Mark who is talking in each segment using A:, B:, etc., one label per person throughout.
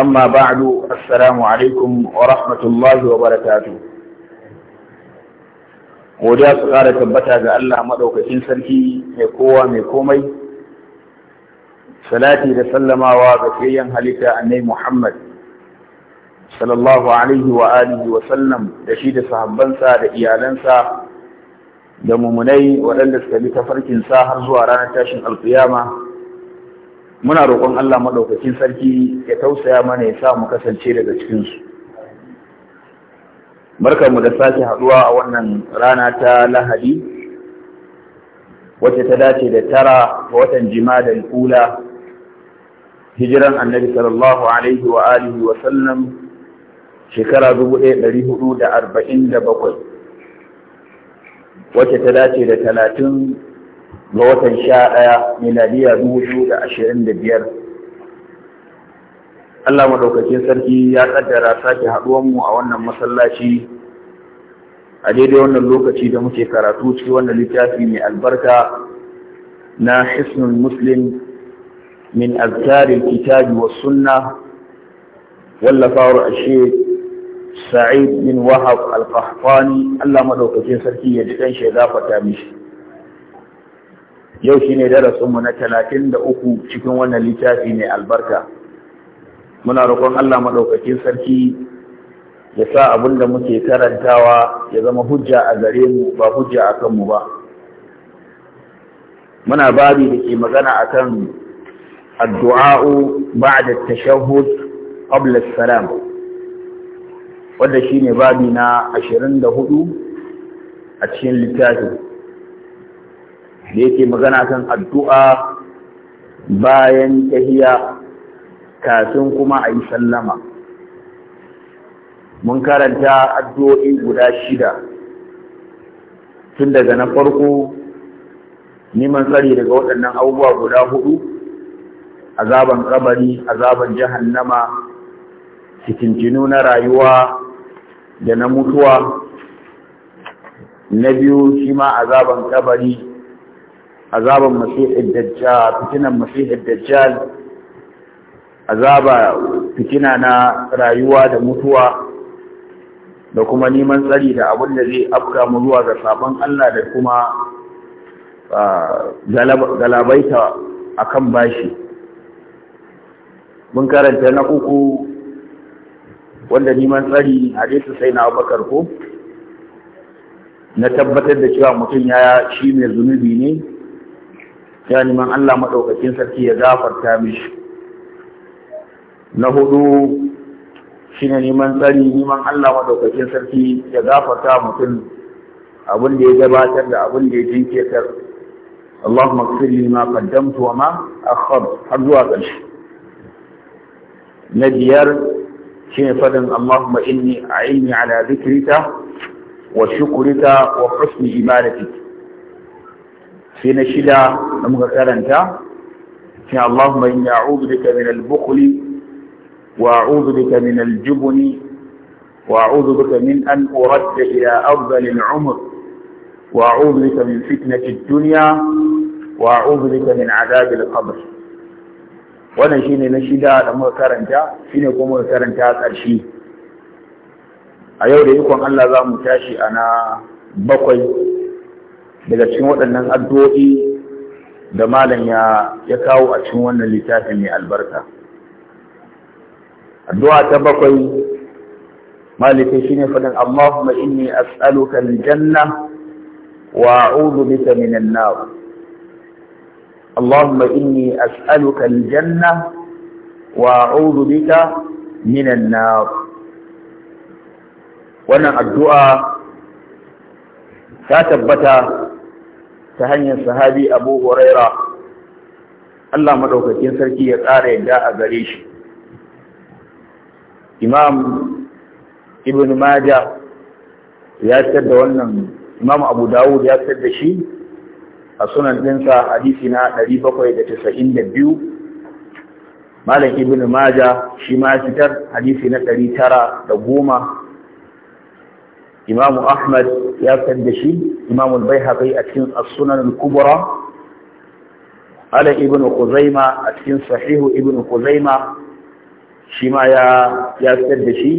A: أما بعد السلام عليكم ورحمة الله وبركاته godiya su ƙara tabbata ga Allah maɗaukakin sarki mai kowa mai komai salati da sallamawa ga fiyayyen halitta annai Muhammad sallallahu alaihi wa wa sallam da shi da sahabbansa da iyalansa da mumunai waɗanda suka bi tafarkinsa har zuwa ranar tashin alƙiyama muna roƙon Allah maɗaukakin sarki ya tausaya mana ya sa mu kasance daga cikinsu. Barkanmu da sake haɗuwa a wannan rana ta Lahadi, wacce ta dace da tara ga watan Jimadal Ula, hijiran annabi sallallahu Alaihi wa alihi wa sallam shekara bakwai, wacce ta dace da talatin ga watan sha ɗaya miladiya dubu biyu da ashirin da biyar. Allah maɗaukakin sarki ya ƙaddara sake haɗuwanmu a wannan masallaci a daidai wannan lokaci da muke karatu cikin wannan littafi mai albarka na hisnul muslim min azkarin kitabi wa sunna wallafawar ashe sa'id bin wahab al Allah maɗaukakin sarki ya ji ɗan shi ya mishi yau shine mu na talatin da uku cikin wannan littafi mai albarka muna roƙon Allah maɗaukakin sarki ya sa abin da muke karantawa ya zama hujja a gare mu ba hujja a kanmu ba muna babi da ke magana akan addu'a'u ba'da tashahhud qabla salam wanda shine babi na hudu a cikin littafi. da yake magana kan addu'a bayan tahiya kafin kuma a yi sallama mun karanta addu'o'i guda shida tun daga na farko neman tsari daga waɗannan abubuwa guda hudu azaban kabari azaban jahannama fitintinu na rayuwa da na mutuwa na biyu shi ma azaban kabari azaban masihid dajjal fitinan masihid dajjal azaba fitina na rayuwa da mutuwa da kuma neman tsari da abin da zai afka mu zuwa ga sabon Allah da kuma galabaita akan bashi mun karanta na uku wanda neman tsari hadisi sai na Abubakar ko na tabbatar da cewa mutum ya shi mai zunubi ne ya neman Allah maɗaukakin sarki ya gafarta mishi na hudu shi ne neman tsari neman Allah maɗaukakin sarki ya gafarta mutum abin da ya gabatar da abin da ya jinkirtar Allahumma ighfir li ma qaddamtu wa ma akhkhartu har zuwa ƙarshe na biyar shi ne fadin Allahumma inni a'inni ala dhikrika wa shukurita wa husni ibadatik sai na shida da karanta shi Allahumma inni a'udhu bika min al-bukhli wa a'udhu bika min al-jubni wa a'udhu bika min ila afdal al-umr wa a'udhu bika min fitnati ad-dunya wa a'udhu bika min 'adhab wannan shine na shida da muka karanta shine kuma muka karanta ƙarshe. a yau da ikon Allah za mu tashi ana bakwai daga cikin waɗannan addu'o'i da malam ya ya kawo a cikin wannan littafin mai albarka addu'a ta bakwai malike shine faɗin Allahumma inni as'aluka aljanna wa a'udhu bika minan nar Allahumma inni as'aluka aljanna wa a'udhu bika minan nar wannan addu'a ta tabbata ta hanyar sahabi abu huraira Allah madaukakin sarki ya ƙara yadda a gare shi imam ibn maja ya fitar da wannan imam abu dawud ya fitar da shi a sunan ɗinsa hadisi na 792 Malam Ibn Maja shi ma fitar hadisi na ɗari tara da goma. Imam Ahmad ya fitar da shi imam al-baihaqi a cikin as-sunan al-kubra ala ibn Kuzaima a cikin sahihu ibn Kuzaima shi ma ya ya da shi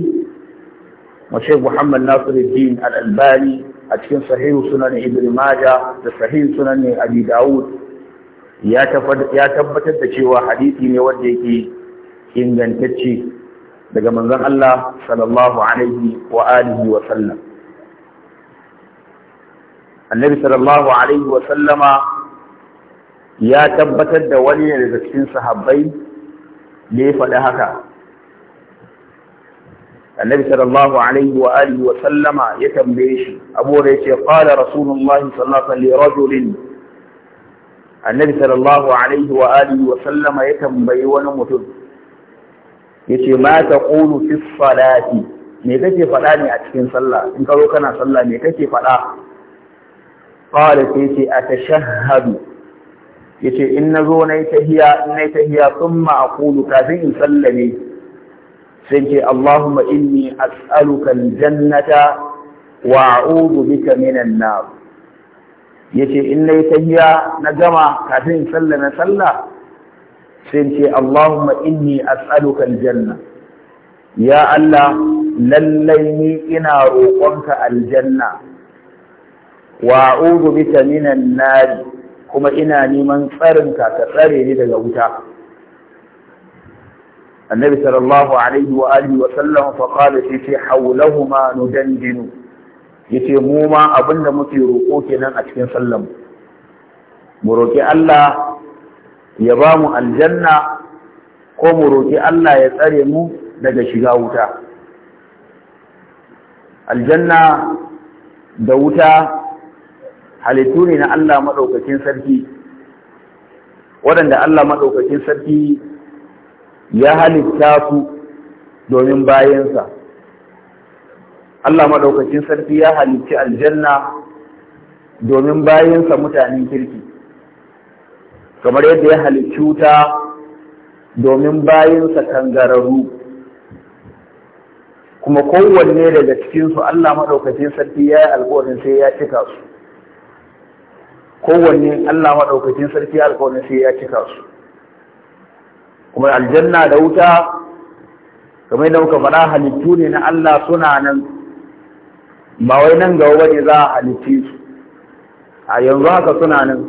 A: mace Muhammad Nasiruddin al-Albani a cikin sahihu sunan Ibn Majah da sahihu sunan Abi ya tabbatar da cewa hadisi ne wanda yake ingantacce daga manzon Allah sallallahu alaihi wa alihi wa sallam annabi sallallahu alaihi ya tabbatar da wani ne daga cikin sahabbai ne ya faɗi haka annabi sallallahu alaihi wa alihi ya tambaye shi abu da yace qala rasulullahi sallallahu alaihi wa rajulin annabi sallallahu alaihi wa alihi wa ya tambayi wani mutum yace ma taqulu fi salati me kake faɗa ne a cikin sallah in ka zo kana sallah me kake faɗa qala sai ce a ya ce in nazo nayi tahiya in nayi tahiya thumma aqulu kafin in sallame sai ce Allahumma inni as'aluka al-jannata wa a'udhu bika minan nar ce in nayi tahiya na gama kafin in sallame sallah sai ce Allahumma inni as'aluka al-janna ya Allah lallai ni ina roƙonka aljanna wa a'udhu bika minan kuma ina neman tsarin ka tsare ni daga wuta annabi sallallahu alaihi wa alihi wa sallam fa qala fi fi hawlahuma nudandinu yace mu ma abinda muke roko kenan a cikin sallam. mu roki Allah ya ba mu aljanna ko mu roki Allah ya tsare mu daga shiga wuta aljanna da wuta halittu ne na Allah maɗaukakin sarki waɗanda Allah maɗaukakin sarki ya halitta su domin bayansa Allah maɗaukakin sarki ya halicci aljanna domin bayansa mutanen kirki kamar yadda ya halicci wuta domin bayansa kangararru kuma kowanne daga cikinsu Allah maɗaukakin sarki ya yi alƙawarin sai ya cika su kowanne Allah maɗaukakin sarki alƙawarin sai ya cika su kuma aljanna da wuta kamar yadda muka faɗa halittu ne na Allah suna nan ba wai nan gaba ba ne za a halitti su a yanzu haka suna nan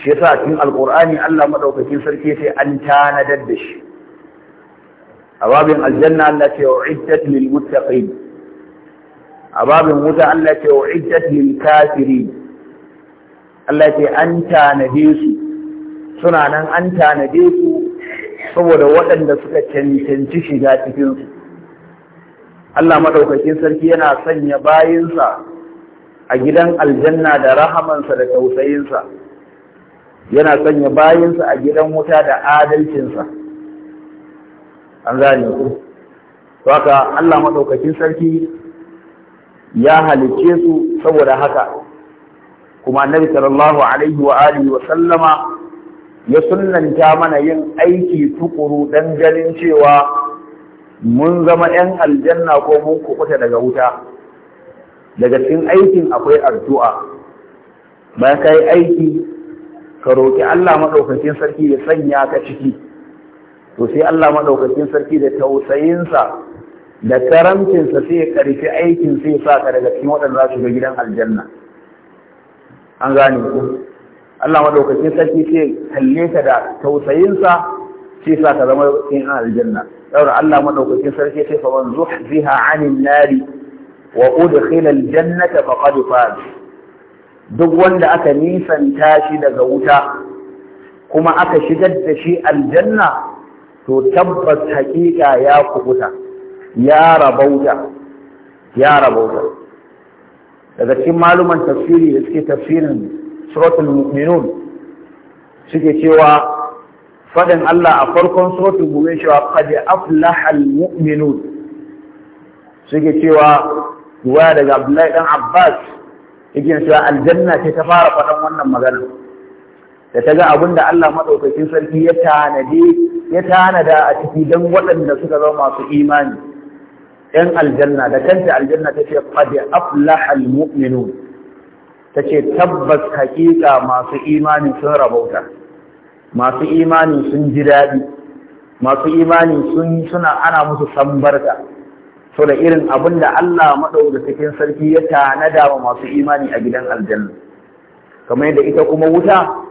A: shi yasa cikin alƙur'ani Allah maɗaukakin sarki sai an tanadar da shi a babin aljanna Allah ce wa uiddat lil muttaqin a babin wuta Allah ce wa uiddat lil kafirin Allah ce an tanade su suna nan an tanade su saboda waɗanda suka cancanci shiga cikinsu Allah maɗaukakin sarki yana sanya bayinsa a gidan aljanna da rahamansa da tausayinsa yana sanya bayinsa a gidan wuta da adalcinsa an zane ku waka Allah maɗaukakin sarki ya halicce su saboda haka kuma annabi sallallahu alaihi wa alihi wa sallama ya sunnanta mana yin aiki tukuru dan ganin cewa mun zama 'yan aljanna ko mun kukuta daga wuta daga cikin aikin akwai addu'a bayan ka yi aiki ka roƙi Allah maɗaukakin sarki ya sanya ka ciki to sai Allah maɗaukakin sarki da tausayinsa da karamcinsa sai ya karfi aikin sai sa ka daga cikin waɗanda za su ga gidan aljanna an gane ku Allah madaukakin sarki sai kalle ka da tausayinsa sai sa ka zama cikin aljanna saboda Allah madaukakin sarki sai fa man zuhziha 'anil nari wa udkhila aljannata faqad faz duk wanda aka nisanta shi daga wuta kuma aka shigar da shi aljanna to tabbas hakika ya kubuta ya rabauta ya rabauta daga cikin maluman tafsiri da suke tafsirin suratul mu'minun suke cewa fadin Allah a farkon suratul mu'minun cewa qad aflaha muminun suke cewa waya daga Abdullahi dan Abbas yake cewa aljanna ce ta fara faɗan wannan magana da ta ga abin da Allah madaukakin sarki ya tanade ya tanada a ciki don waɗanda suka zama masu imani ‘yan aljanna da kanta aljanna ta ce faɗi aflahal mu'minu ta ce tabbas haƙiƙa masu imani sun rabauta masu imani sun ji daɗi masu imani sun suna ana musu sambarka so da irin abin da Allah maɗaukakin sarki ya tanada wa masu imani a gidan aljanna kamar yadda ita kuma wuta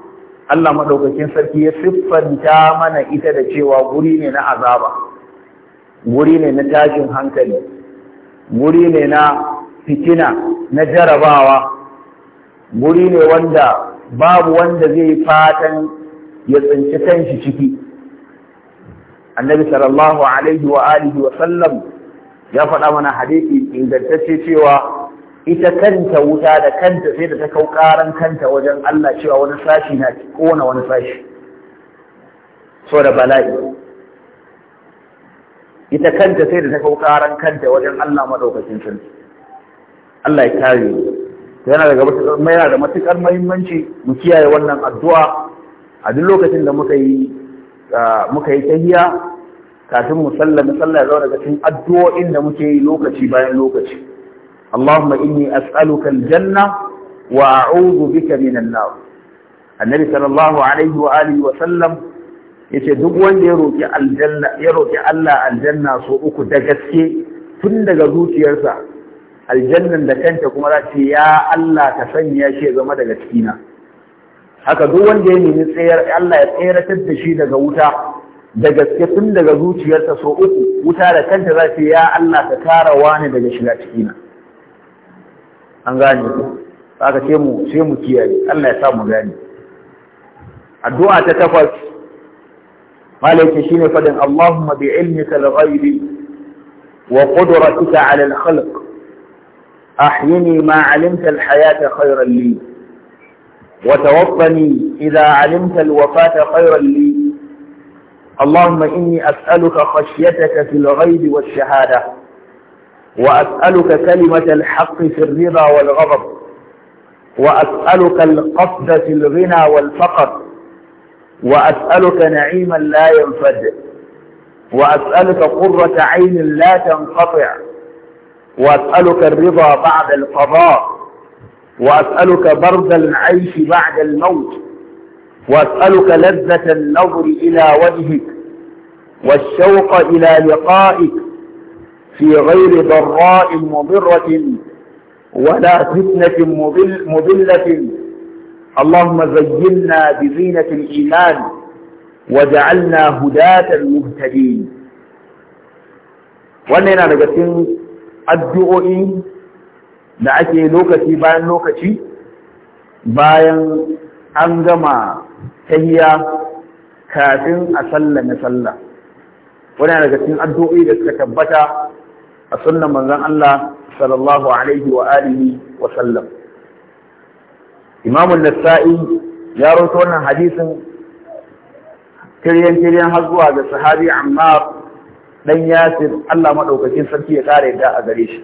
A: Allah maɗaukakin sarki ya siffanta mana ita da cewa guri ne na azaba. guri ne na tashin hankali guri ne na fitina na jarabawa guri ne wanda babu wanda zai fatan ya tsinci kanshi ciki annabi sallallahu alaihi wa alihi wa sallam ya faɗa mana hadisi ingantacce cewa ita kanta wuta da kanta sai da ta kau karan kanta wajen Allah cewa wani sashi na kona wani sashi so da bala'i ita kanta sai da ta kau karan kanta wajen Allah madaukakin sarki Allah ya kare yana daga yana da matukar muhimmanci mu kiyaye wannan addu'a a duk lokacin da muka yi tahiya kafin mu sallama sallah zuwa daga cikin addu'o'in da muke yi lokaci bayan lokaci Allahumma inni as'aluka aljanna wa a'udhu bika minan nar annabi sallallahu alaihi wa alihi wa sallam yace duk wanda ya roki aljanna ya roki Allah aljanna so uku da gaske tun daga zuciyarsa aljannan da kanta kuma za ce ya Allah ka sanya shi ya zama daga cikina haka duk wanda ya nemi tsayar Allah ya tsayar da shi daga wuta da gaske tun daga zuciyarsa so uku wuta da kanta za ce ya Allah ka kara wani daga shiga cikina an gane ku haka sai mu sai mu kiyaye Allah ya sa mu gane addu'a ta takwas قال يك فدن اللهم بعلمك الغيب وقدرتك على الخلق أحيني ما علمت الحياة خيرا لي وتوفني إذا علمت الوفاة خيرا لي اللهم إني أسألك خشيتك في الغيب والشهادة وأسألك كلمة الحق في الرضا والغضب وأسألك القصد في الغنى والفقر وأسألك نعيما لا ينفد وأسألك قرة عين لا تنقطع وأسألك الرضا بعد القضاء وأسألك برد العيش بعد الموت وأسألك لذة النظر إلى وجهك والشوق إلى لقائك في غير ضراء مضرة ولا فتنة مضل مضلة اللهم زينا بزينة الإيمان وجعلنا هداة المهتدين wannan yana daga cikin addu'o'i da ake lokaci bayan lokaci bayan an gama tahiya kafin a sallame sallah wannan yana daga cikin addu'o'i da suka tabbata a sunnan manzon Allah sallallahu alaihi wa alihi wa sallam imamu nasa'i ya rawaito wannan hadisin kiryan kiryan har zuwa ga sahabi amma dan yasir Allah maɗaukacin sarki ya kare da a gare shi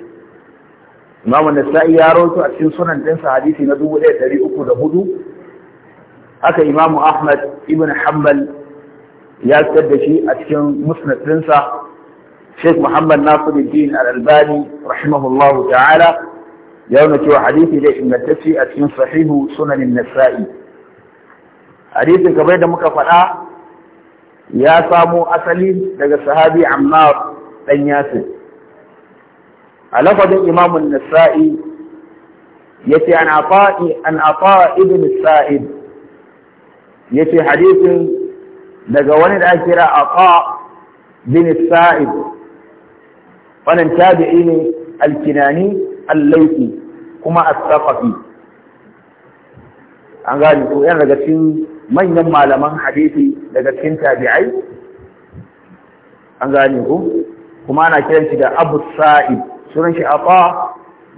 A: imamu nasa'i ya rauta a cikin sunan din hadisi na hudu. haka imamu ahmad ibn hanbal ya tsar da shi a cikin musnad dinsa Sheikh Muhammad Nasiruddin Al-Albani rahimahullahu ta'ala ya nuna cewa hadisi dai ingantacce a cikin sahihu sunanin nasa'i hadisin kamar da muka faɗa ya samo asali daga sahabi ammar ɗan yasir a lafazin imamun nasa'i ya ce an afawa ibn sa'id ya ce hadisin daga wani da ake kira afa bin sa'id wannan tabi'i ne alkinani al kuma as an gane to yana daga cikin manyan malaman hadisi daga cikin tabi'ai an gane ko kuma ana kiran shi da Abu Sa'id sunan shi Aqa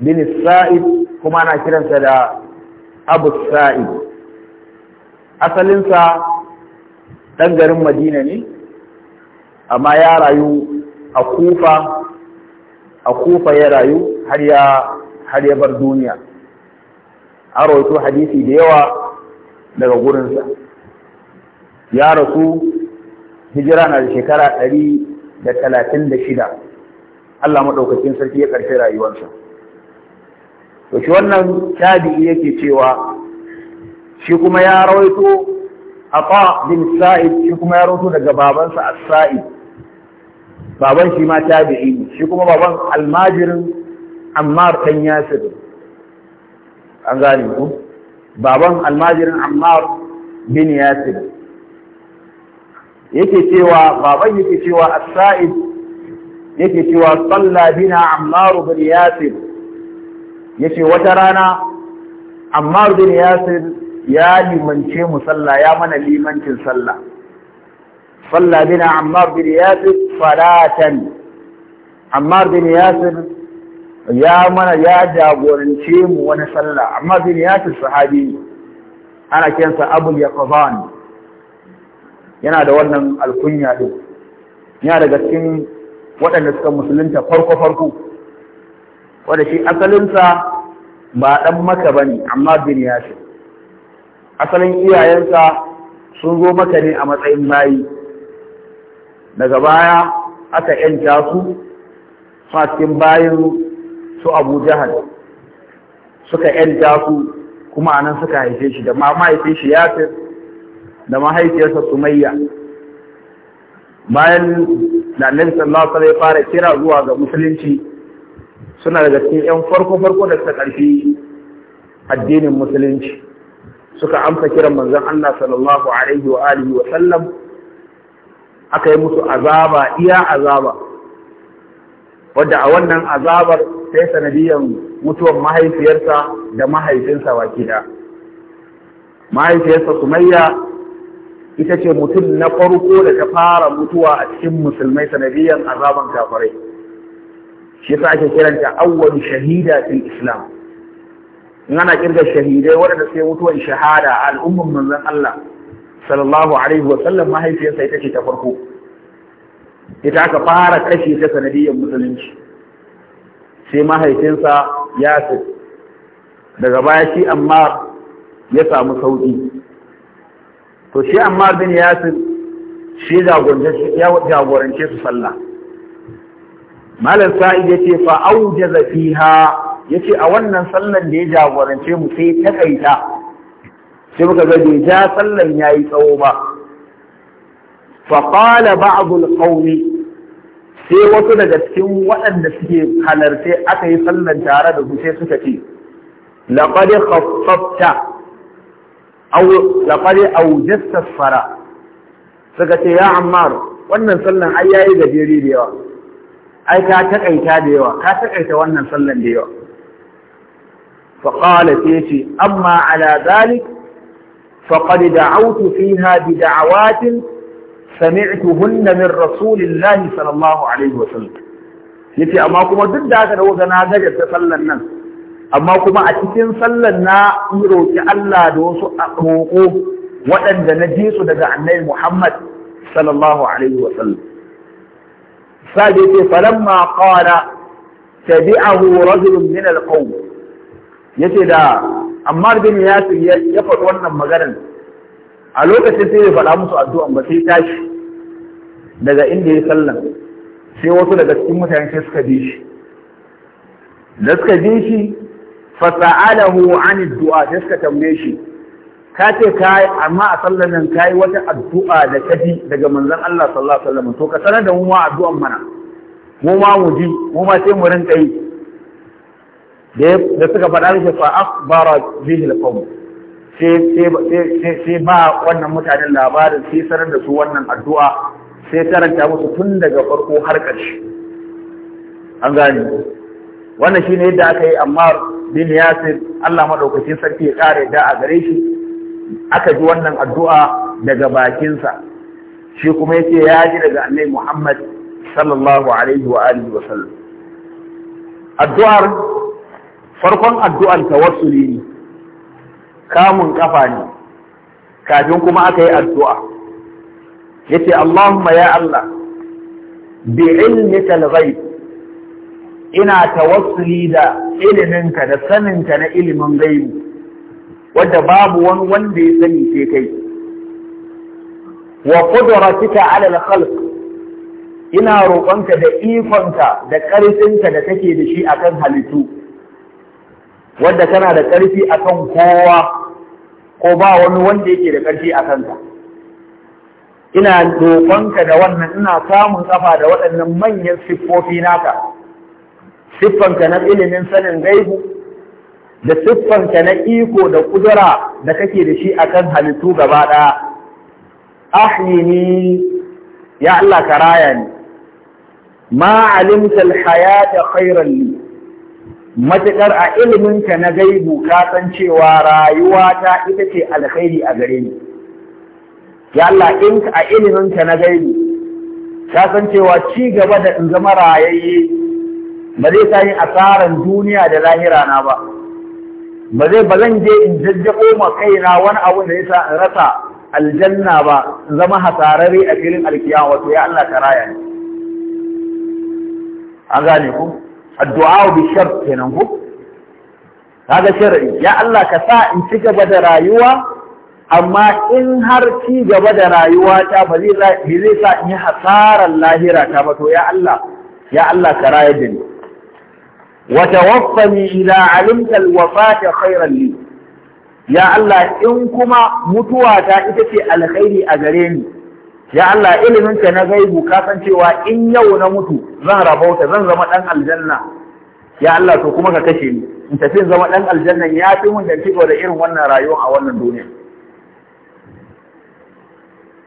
A: bin Sa'id kuma ana kiransa da Abu Sa'id asalinsa ɗan garin Madina ne amma ya rayu a Kufa a kufa ya rayu har ya bar duniya an rawaito hadisi da yawa daga gurinsa ya rasu hijira na da shekara ɗari da talatin da shida Allah maɗaukacin sarki ya ƙarfi rayuwarsa to shi wannan tabi'i yake cewa shi kuma ya rawaito ƙa bin sa'id shi kuma ya rawaito daga babansa a said baban shi ma tabi'i ne shi kuma baban almajirin ammar dan yasir an gane ku baban almajirin ammar bin yasir yake cewa baban yake cewa as-sa'id yake cewa salla bina ammar bin yasir ce wata rana ammar bin yasir ya limance mu sallah ya mana limancin sallah صلى بنا عمار بن ياسر صلاة عمار بن ياسر يا من يا جابورنشيم ونصلى عمار بن ياسر صحابي أنا كنت أبو اليقظان yana da wannan alkunya din ya daga cikin waɗanda suka musulunta farko-farko wanda shi asalinsa ba ɗan maka ba ne amma bin yashin asalin iyayensa sun zo maka ne a matsayin bayi daga baya aka yanta su fatin bayan su abu jahal suka yanta su kuma anan suka haife shi da ma mahaifin shi yasir da mahaifiyarsa sumayya bayan da annabi sallallahu alaihi fara kira zuwa ga musulunci suna daga cikin yan farko farko da suka karfi addinin musulunci suka amsa kiran manzon Allah sallallahu alaihi wa alihi wa sallam aka yi musu azaba iya azaba wadda a wannan azabar sai sanadiyan mutuwar mahaifiyarsa da mahaifinsa wakida mahaifiyarsa sumayya ita ce mutum na farko da ta fara mutuwa a cikin musulmai sanadiyan azaban kafirai shi yasa ake kiranta awwal shahida fil islam in ana kirga shahidai waɗanda sai mutuwar shahada a al'ummar manzon Allah sallallahu alaihi wa sallam mahaifiyarsa ita ce ta farko ita aka fara kashe ta sanadiyar musulunci sai mahaifinsa ya yasir daga baya shi amma ya samu sauki to shi amma bin ya yasir shi jagorance su sallah malam sa'id ya ce fa aujaza Zafiha ya ce a wannan sallar da ya jagorance mu sai ta kaita sai muka ga bai ja sallan yayi tsawo ba fa qala ba'dul qawmi sai wasu daga cikin waɗanda suke halarce aka yi sallan tare da su sai suka ce laqad khaffafta aw laqad awjasta suka ce ya ammar wannan sallan ai yayi gajeri da yawa ai ka taƙaita da yawa ka taƙaita wannan sallan da yawa Faƙala sai ce amma ala zalik فقد دعوت فيها بدعوات سمعتهن من رسول الله صلى الله عليه وسلم yace amma kuma duk da haka da waga na gaje ta sallan nan amma kuma a cikin sallan na roki Allah da wasu roko waɗanda na ji su daga annabi Muhammad sallallahu alaihi wa sallam sai yace falamma qala tabi'ahu rajulun min alqawm Ya ce da Amma bin ce ya faɗi wannan maganar a lokacin sai ya faɗa musu addu'an ba sai tashi daga inda ya sallan sai wasu daga cikin mutane sai suka bi shi da suka bi shi fasa'alahu an addu'a sai suka tambaye shi ka ce kai amma a sallan nan kai wata addu'a da kaji daga manzan Allah sallallahu alaihi wasallam to ka sanar da mu ma addu'an mana mu ma mu ji mu ma sai mu rinka yi da suka faɗa mishi fa akhbara bihi al-qawm sai ba wannan mutanen labarin sai sanar da su wannan addu'a sai taranta musu tun daga farko har ƙarshe an gane wannan shine yadda aka yi Ammar bin Yasir Allah madaukakin sarki ya kare da a gare shi aka ji wannan addu'a daga bakinsa shi kuma yace ya ji daga Annabi Muhammad sallallahu alaihi wa alihi wa sallam addu'ar farkon addu'ar tawassuli ne kamun kafa ne kafin kuma aka yi addu'a yace Allahumma ya Allah bi ilmika al ina tawassuli da iliminka da saninka na ilimin gaibu wadda babu wani wanda ya sani sai kai wa qudratika ala al-khalq ina roƙonka da ikonka da ƙarfinka da kake da shi akan halittu wadda kana da ƙarfi akan kowa ko ba wani wanda yake da ƙarfi a kanta. ina roƙonka da wannan ina samun kafa da waɗannan manyan siffofi naka siffanka na ilimin sanin gaihu da siffanka na iko da kudura da kake da shi akan halittu gaba ɗaya ahyini ya Allah ka raya ni ma alimta alhayata khairan matuƙar a iliminka na gaibu ka san cewa rayuwa ta ita ce alkhairi a gare ni ya Allah in a iliminka na gaibu ka san cewa ci gaba da in zama rayayye ba zai sa yin asaran duniya da lahira na ba ba zai ba zan je in jajjabo ma kaina wani abu da yasa in rasa aljanna ba in zama hasararre a filin alkiyawa wato ya Allah ka raya ni an gane ku addu'a bi shart kenan ko kaga shar'i ya Allah ka sa in ci gaba da rayuwa amma in har ci gaba da rayuwa ta ba zai sa in yi hasarar lahira ta ba to ya Allah ya Allah ka raya da ni wa tawaffani ila alimta alwafata khairan li ya Allah in kuma mutuwa ta ita ce alkhairi a gare ni ya Allah ilimin ka na gaibu ka san cewa in yau na mutu zan rabauta zan zama dan aljanna ya Allah to kuma ka kashe ni in tafi zama dan aljanna ya fi mun da da irin wannan rayuwa a wannan duniya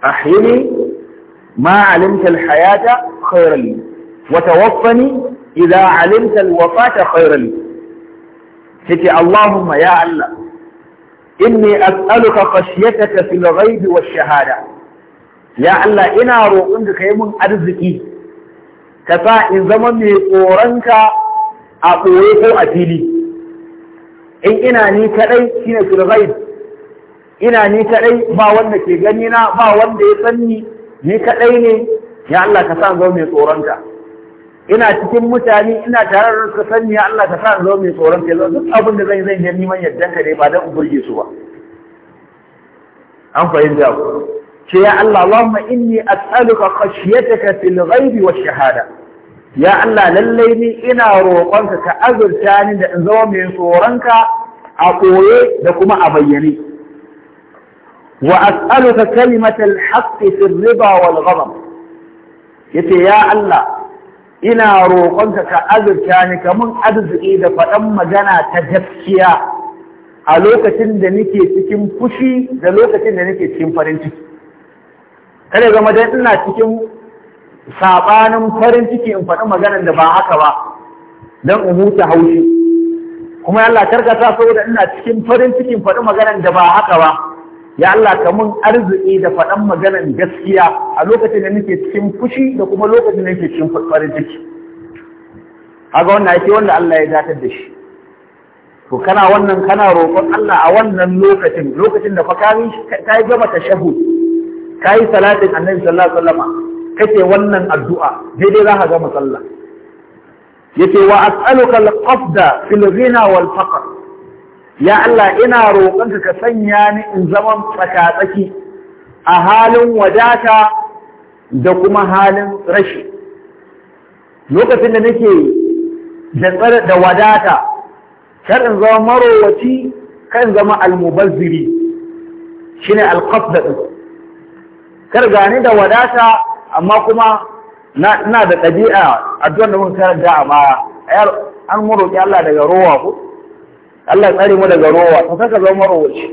A: ahyini ma alimta alhayata khayran li wa tawaffani idza alimta alwafata khayran li kace Allahumma ya Allah inni as'aluka khashyataka fil ghaibi wash shahada ya Allah ina roƙon ka yi mun arziki ka sa in zama mai tsoronka a ɓoye ko a fili in ina ni kaɗai ne filghaib ina ni kaɗai ba wanda ke gani na ba wanda ya san ni ni kaɗai ne ya Allah ka sa in zama mai tsoronka ina cikin mutane ina tare da ka ni ya Allah ka sa in zama mai tsoronka yanzu duk abin da zan zan yi neman yardanka ne ba don ku burge su ba an fahimta ku ce ya Allah Allahumma inni as'aluka khashyataka fil ghaibi wash shahada ya Allah lallai ni ina roƙonka ka azurta ni da in zama mai tsoronka a koye da kuma a bayyane wa as'aluka kalimatal haqqi fil riba wal ghadab yace ya Allah ina roƙonka ka azurta ni kamun arziki da faɗan magana ta gaskiya a lokacin da nake cikin fushi da lokacin da nake cikin farin ciki kare zama dan ina cikin sabanin farin ciki in faɗi maganar da ba haka ba dan in huta haushi kuma Allah karkata saboda ina cikin farin ciki in faɗi maganar da ba haka ba ya Allah ka mun arziki da faɗan maganar gaskiya a lokacin da nake cikin fushi da kuma lokacin da nake cikin farin ciki kaga wannan yake wanda Allah ya datar da shi to kana wannan kana roƙon Allah a wannan lokacin lokacin da fa ka yi gaba shahu Kayi salatin annabi sallallahu alaihi wasallam kace wannan addu'a daidai za ka ga musalla yace wa as'aluka al-qafda fil ghina wal faqr ya Allah ina roƙonka ka sanya ni in zaman tsakatsaki a halin wadata da kuma halin rashi lokacin da nake da wadata kar in zama marowaci kan zama almubazziri shine alqafda din kar gani da wadata amma kuma na da ɗabi'a addu'ar da muka karanta a baya an mu roƙi Allah daga rowa ko Allah tsare mu daga rowa to kaka zama rowaci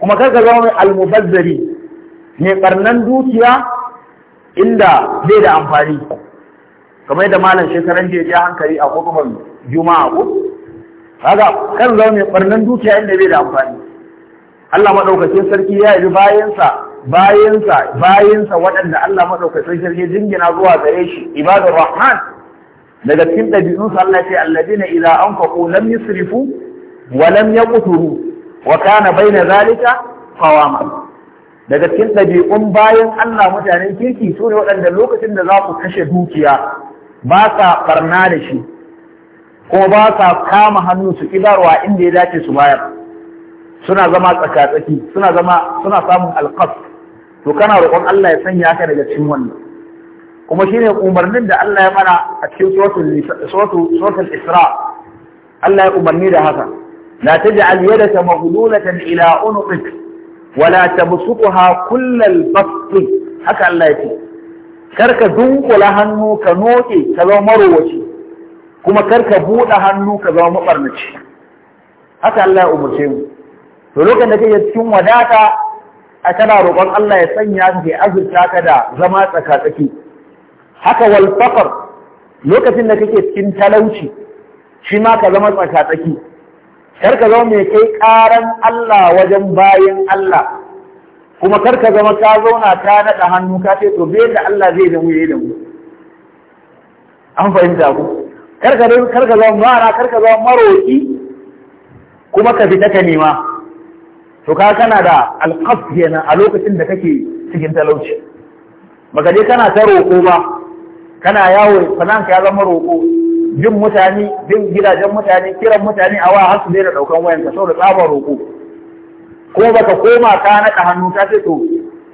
A: kuma kaka zama almubazzari ne barnan dukiya inda bai da amfani kamar yadda malam shekaran da ya hankali a hukumar juma'a ko kaga kan zama mai barnan dukiya inda bai da amfani Allah madaukakin sarki ya yi bayansa bayinsa bayinsa waɗanda Allah madaukakin sarki jingina zuwa gare shi ibadur rahman daga cikin dabi'un sa Allah ce alladina an anfaqu lam yusrifu wa lam kuturu, wa kana baina zalika qawama daga cikin ɗabi'un bayan Allah mutanen kirki ne waɗanda lokacin da za ku kashe dukiya ba sa barna da shi ko ba sa kama hannu su kibarwa inda ya dace su bayar suna zama tsakatsaki suna zama suna samun alƙas. to kana roƙon Allah ya sanya ka daga cikin wannan kuma shine umarnin da Allah ya mana a cikin suratul Isra Allah ya umarni da haka la taj'al yadaka maghlulatan ila unuqik wala tabsuqha kullal bast haka Allah ya ce karka dunkula hannu ka noke ka zama marowaci kuma karka buɗe hannu ka zama mabarnaci haka Allah ya umarce mu to lokacin da kake cikin wadata a kana roƙon Allah ya sanya ka ke azurta ka da zama tsakatsaki haka wal lokacin da kake cikin talauci shi ma ka zama tsakatsaki kar ka zama mai kai ƙaran Allah wajen bayan Allah kuma kar ka zama ka zauna ka naɗa hannu ka ce to bai da Allah zai da mu yayi da mu an fahimta ku kar ka kar ka zama mara kar ka zama maroki kuma ka fita ka nema to ka kana da alƙaf kenan a lokacin da kake cikin talauci baka je kana ta roƙo ba kana yawo sanan ka ya zama roƙo jin mutane jin gidajen mutane kiran mutane a wa har su daina daukan wayan ka saboda tsabar roƙo ko baka koma ka naɗa hannu ka ce to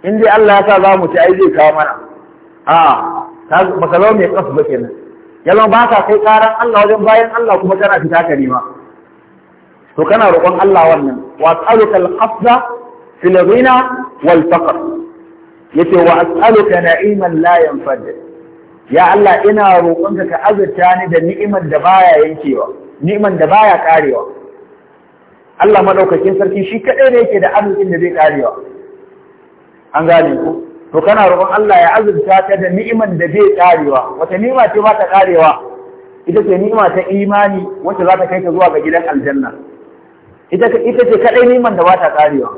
A: in dai Allah ya sa za mu ci ai zai kawo mana a baka zama mai kasu ba kenan yalma ba ka kai karan Allah wajen bayan Allah kuma kana fita ka nema to kana roƙon Allah wannan wa as'aluka al-qafza fil ghina wal faqr yace wa as'aluka na'iman la yanfad ya Allah ina roƙonka ka azurta ni da ni'imar da baya yankewa ni'imar da baya karewa Allah madaukakin sarki shi kadai ne yake da arzikin da zai karewa an gane ku to kana roƙon Allah ya azurta ka da ni'imar da zai karewa wata ni'ima ce ba ta karewa ita ce ni'ima ta imani wacce za ta kai ka zuwa ga gidan aljanna ita ce kadai niman da ba ta karewa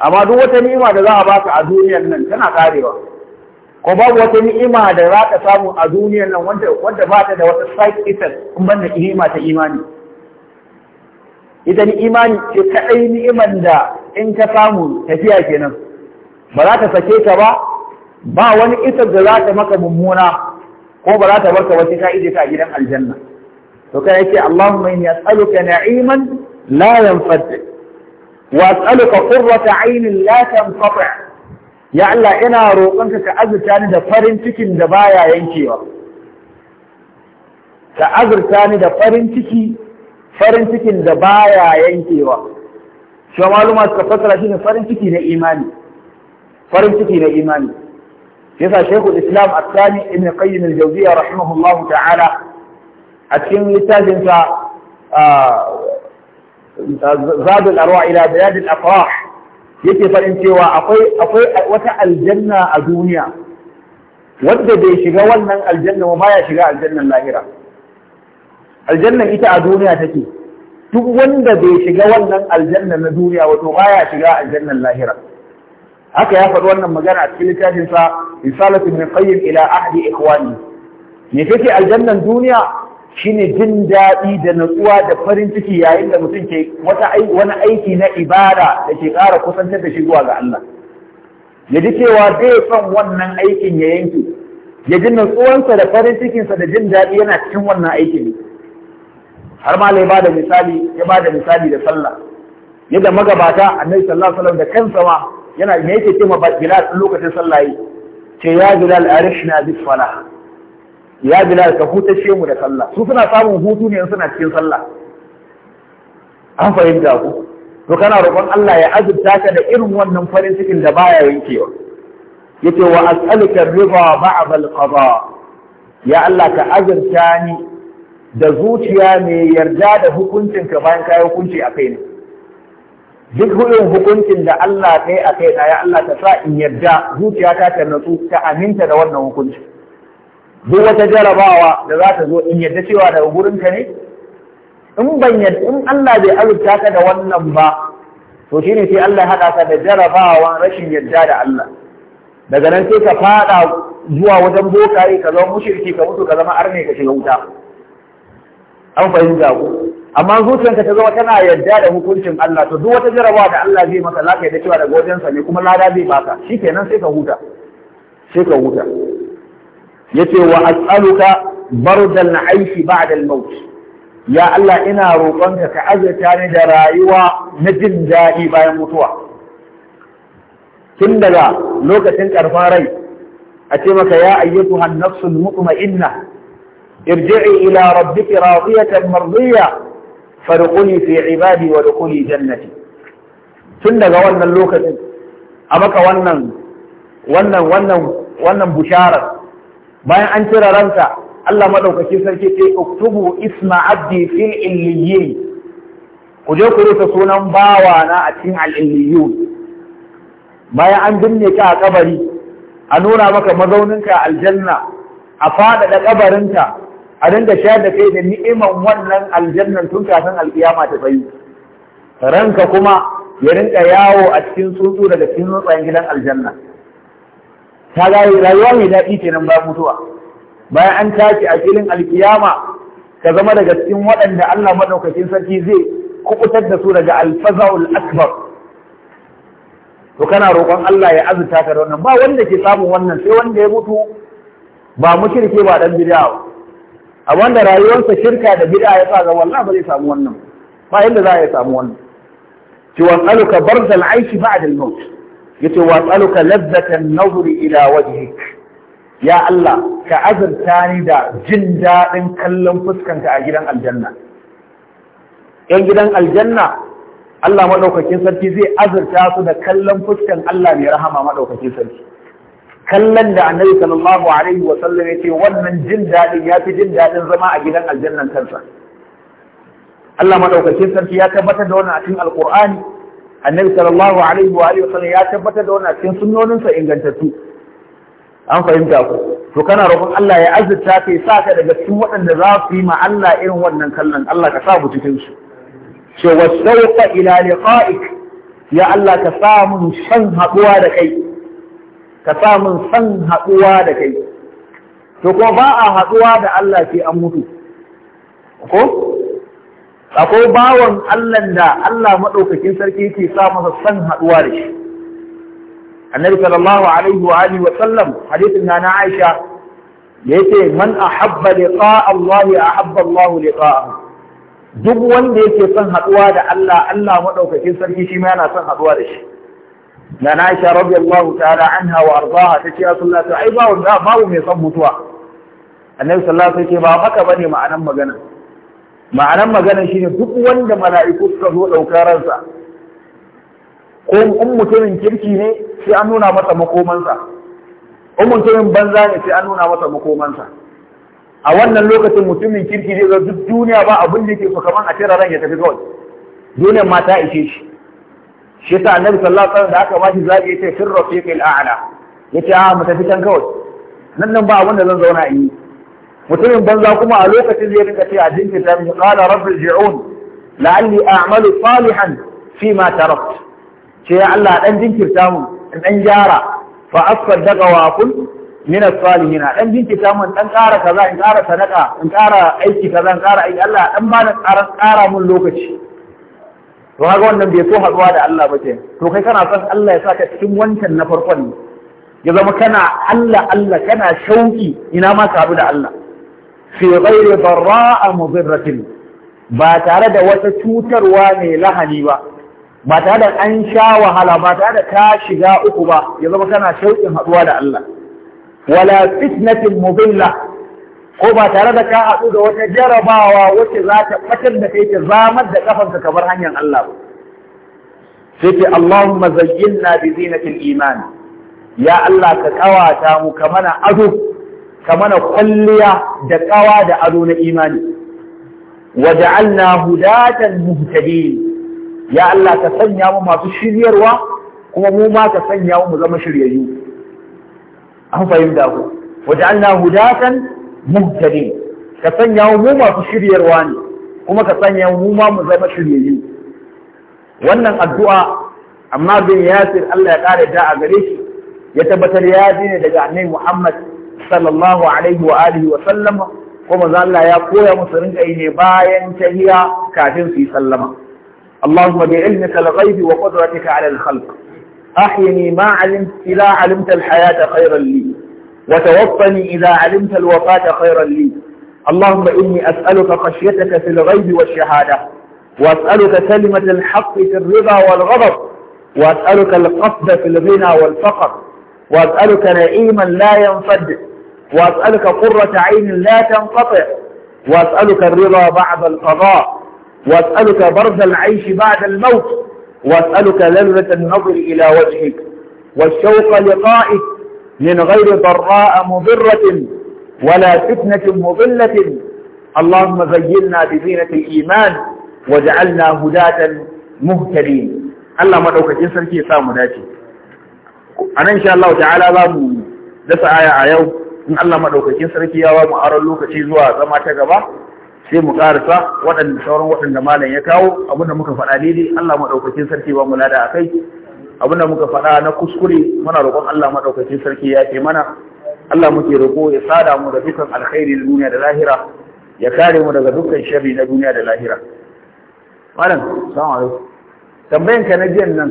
A: amma duk wata ni'ima da za a baka a duniyar nan tana karewa ko babu wata ni'ima da za ka samu a duniyar nan wanda wanda ba ta da wata side effect in banda ni'ima ta imani Idan imani ce kadai ni'iman da in ka samu tafiya kenan ba za ta sake ka ba ba wani isar da za ta maka mummuna ko ba za ta barka wata ka ije ka a gidan aljanna to kai yake Allahumma inni as'aluka ni'iman لا ينفد واسألك قرة عين لا تنقطع يا الله إنا روقنك كأزرتاني دا فرن تكين دا بايا ينكيوا كأزرتاني دا فرن تكي فرن تكين دا بايا ينكيوا شو معلومات كفترة شين فرن تكي دا إيماني فرن تكي دا إيماني يسا شيخ الإسلام الثاني ابن قيم الجوزية رحمه الله تعالى أتكين لتاجنك آه zadul arwa ila biladil afrah yake faɗin cewa akwai akwai wata aljanna a duniya wanda bai shiga wannan aljanna ba ya shiga aljannan lahira aljannan ita a duniya take duk wanda bai shiga wannan aljanna na duniya wato ba ya shiga aljannan lahira haka ya faɗi wannan magana a cikin littafin sa risalatu min qayyim ila ahdi ikhwani me kake aljannan duniya shine jin daɗi da natsuwa da farin ciki yayin da mutum ke wani aiki na ibada da ke ƙara kusantar da shi zuwa ga Allah ya ji cewa zai son wannan aikin ya yanke ya ji natsuwansa da farin cikinsa da jin daɗi yana cikin wannan aikin har ma ya bada misali ya bada misali da sallah yadda magabata annabi sallallahu alaihi wasallam da kansa ma yana yake ce ma Bilal lokacin sallah yi ce ya Bilal arishna bis salah ya bilal ka hutashe mu da sallah su suna samun hutu ne in suna cikin sallah an fahimta ku to kana roƙon Allah ya azurta ka da irin wannan farin cikin da baya yankewa yace wa as'aluka riba ba'da al-qada ya Allah ka azurta ni da zuciya mai yarda da ka bayan kayi hukunci a kaina duk irin hukuncin da Allah kai a kaina ya Allah ka sa in yarda zuciya ta natsu ta aminta da wannan hukuncin.
B: duk wata jarabawa
A: da za ta zo in yadda cewa daga gurin ka ne in ban in Allah bai azurta ka da wannan ba to shi ne sai Allah haɗa ka da jarabawa rashin yadda da Allah daga nan sai ka fada zuwa wajen bokaye ka zama mushirki ka mutu ka zama arne ka shiga wuta an fahimta ku amma zuciyarka ta zama tana yadda da hukuncin Allah to duk wata jarabawa da Allah zai maka ka yadda cewa daga wajensa ne kuma lada zai baka shikenan sai ka huta sai ka huta yace wa as'aluka bardal aishi ba'da al-maut ya Allah ina roƙonka ka azurta ni da rayuwa na jin daɗi bayan mutuwa tun daga lokacin ƙarfin rai a ce maka ya ayyatu hannafsul mutma'inna irji'i ila rabbiki radiyatan mardiya fadkhuli fi ibadi wa dkhuli jannati tun daga wannan lokacin a maka wannan wannan wannan wannan bushara bayan an cire ranka, Allah madaukakin sarki ce uktubu isma abdi fil illiyin ku je ku rufe sunan bawa na a cikin al'illiyun bayan an binne ka a kabari a nuna maka mazauninka aljanna a faɗaɗa kabarinka a dinga shayar da kai da ni'iman wannan aljannan tun kafin alkiyama ta tsayu ranka kuma ya rinka yawo a cikin tsuntsu daga cikin tsuntsayen gidan aljanna ta gane rayuwa mai daɗi kenan ba mutuwa bayan an tashi a filin alkiyama ka zama daga cikin waɗanda Allah maɗaukakin sarki zai kubutar da su daga alfazaul akbar to kana roƙon Allah ya azurta ka da wannan ba wanda ke samun wannan sai wanda ya mutu ba mushrike ba dan bid'a ba a wanda rayuwarsa shirka da bid'a ya sa ga wallahi ba zai samu wannan ba inda za a yi samu wannan ci wasaluka barzal aishi ba'da al-maut yace wa tsaluka lazzatan nazari ila wajhik ya Allah ka azurta ni da jin daɗin kallon fuskanka a gidan aljanna ‘yan gidan aljanna Allah maɗaukakin sarki zai azurta su da kallon fuskan Allah mai rahama maɗaukakin sarki kallon da annabi sallallahu alaihi wa sallam ya ce wannan jin daɗin ya fi jin daɗin zama a gidan aljannan kansa Allah maɗaukakin sarki ya tabbatar da wannan a cikin alƙur'ani annabi sallallahu alaihi wa alihi ya tabbatar da wannan cikin sunnoninsa ingantattu an fahimta ku to kana roƙon Allah ya azurta kai sa ka daga cikin waɗanda za su yi ma Allah irin wannan kallon Allah ka sa mu cikin su ce wasauqa ila liqa'ik ya Allah ka sa mun san haɗuwa da kai ka sa mun san haɗuwa da kai to kuma ba a haɗuwa da Allah sai an mutu ko akwai bawan allahn da Allah maɗaukakin sarki yake sa masa san haɗuwa da shi annabi sallallahu alaihi wa alihi wa sallam hadithin na Aisha yace man ahabba liqa Allah ahabba Allah liqa'ahu duk wanda yake son haɗuwa da Allah Allah maɗaukakin sarki shi ma yana son haɗuwa da shi na na Aisha radiyallahu ta'ala anha wa ardaha tace ya sallallahu ai da, babu mai son mutuwa annabi sallallahu alaihi wa sallam ba haka bane ma'anan magana ma'anan magana shi ne duk wanda mala'iku suka zo ɗauka ransa ko in mutumin kirki ne sai an nuna masa makomansa in mutumin banza ne sai an nuna masa makomansa a wannan lokacin mutumin kirki zai zo duk duniya ba abin da yake so kamar a tira ran ya tafi kawai duniyar ma ta ishe shi shi ta annabi sallallahu alaihi wasallam da aka bashi zabi yace sirra fi qil a'la yace a ah, mu tafi can kawai nan nan ba abin da zan zauna yi mutumin banza kuma a lokacin zai rika ce a jinkirta mishi qala rabbi ji'un la'alli a'malu salihan fi ma tarakt ce ya Allah dan jinkirta mu in dan gyara fa asaddaqa wa kun min as-salihin dan jinkirta mu dan ƙara kaza in ƙara sadaka in ƙara aiki kaza in ƙara aiki Allah dan bani ƙara ƙara mun lokaci to kaga wannan bai so haɗuwa da Allah ba ke to kai kana son Allah ya saka cikin wancan na farkon ne ya zama kana Allah Allah kana shauki ina ma ka haɗu da Allah fi ghairi barra'a mudirratin ba tare da wata cutarwa mai lahani ba ba tare da an sha wahala ba tare da ka shiga uku ba ya zama kana shauƙin haɗuwa da Allah wala fitnatin mubilla ko ba tare da ka haɗu da wata jarabawa wacce za ta fatar da kai ta zamar da kafanka kamar hanyar Allah ba sai ce Allahumma zayyinna bi zinatil iman ya Allah ka kawata mu kamana ado ka mana kwalliya da ƙawa da ado na imani waja'alna hudatan muhtadin ya Allah ka sanya mu masu shiryarwa kuma mu ma ka sanya mu zama shiryayyu an fahimta ku waja'alna hudatan muhtadin ka sanya mu masu shiryarwa ne kuma ka sanya mu ma mu zama shiryayyu wannan addu'a amma bin yasir Allah ya kare da a gare shi ya tabbatar ya ne daga annabi Muhammad sallallahu alaihi wa alihi wa sallam kuma manzo Allah ya koya musu rinka yi ne bayan tahiya kafin su yi sallama Allahumma bi ilmika al-ghaibi wa qudratika ala al-khalq ahyini ma 'alimt ila 'alimta al-hayata khayran li wa tawaffani idha 'alimta al-wafata khayran li اللهم إني أسألك خشيتك في الغيب والشهادة وأسألك كلمة الحق في الرضا والغضب وأسألك القصد في الغنى والفقر وأسألك نعيما لا ينفد وأسألك قرة عين لا تنقطع وأسألك الرضا بعد القضاء وأسألك برز العيش بعد الموت وأسألك لذة النظر إلى وجهك والشوق لقائك من غير ضراء مضرة ولا فتنة مضلة اللهم زينا بزينة الإيمان وجعلنا هداة مهتدين الله ما دوكتين سركي سامو a nan sha Allah ta'ala za mu dasa aya a yau in Allah madaukakin sarki ya ba mu aron lokaci zuwa zama ta gaba sai mu karasa waɗanda sauran waɗanda malam ya kawo abinda muka faɗa dai Allah madaukakin sarki ba mu lada akai abinda muka faɗa na kuskure muna roƙon Allah madaukakin sarki ya ce mana Allah muke roƙo ya sada mu da dukkan alkhairi na duniya da lahira ya kare mu daga dukkan sharri na duniya da lahira malam salamu alaikum tambayanka na jiyan nan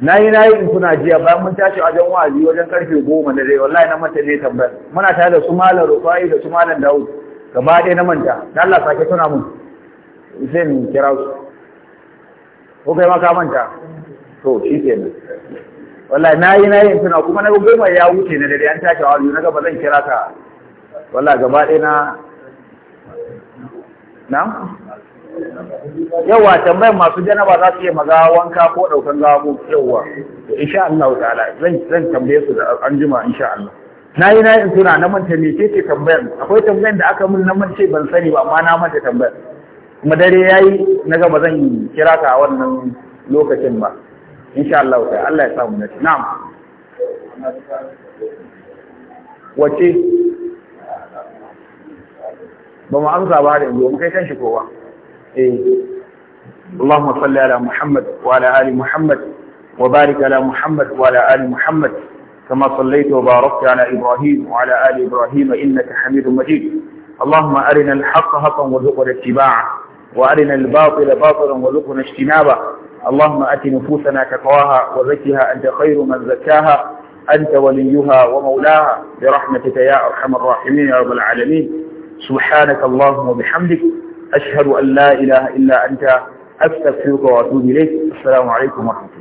A: na yi na yi in suna jiya bayan mun tashi wajen wa'azi wajen karfe goma da dai wallahi na mata ne tambayar muna tare da su malam rufai da su malam dawud gaba ɗaya na manta da Allah sake tuna mun sai in kira su ko kai ma ka manta to shi kenan wallahi na yi na yi in suna kuma na goma ya wuce na dare an tashi wa'azi na ga ba zan kira ka wallahi gaba ɗaya na na yawa tambayar masu janaba za su iya maza wanka ko daukan gabo yawa to insha Allah ta'ala zan zan tambaye su da anjima insha Allah na yi na yin tuna na manta me ce tambayar akwai tambayar da aka mun na mace ban sani ba amma na manta tambayar kuma dare yayi na ga ba zan kira ka a wannan lokacin ba insha Allah ta'ala Allah ya samu nashi na'am wace ba mu amsa ba da yanzu mun kai kan shi kowa إيه. اللهم صل على محمد وعلى آل محمد وبارك على محمد وعلى آل محمد كما صليت وباركت على إبراهيم وعلى آل إبراهيم إنك حميد مجيد اللهم أرنا الحق حقا وذقنا اتباعه وأرنا الباطل باطلا وذقنا اجتنابه اللهم أت نفوسنا تقواها وزكها أنت خير من زكاها أنت وليها ومولاها برحمتك يا أرحم الراحمين يا رب العالمين سبحانك اللهم وبحمدك ashhadu an la ilaha illa anta astaghfiruka wa atubu ilayk assalamu alaikum wa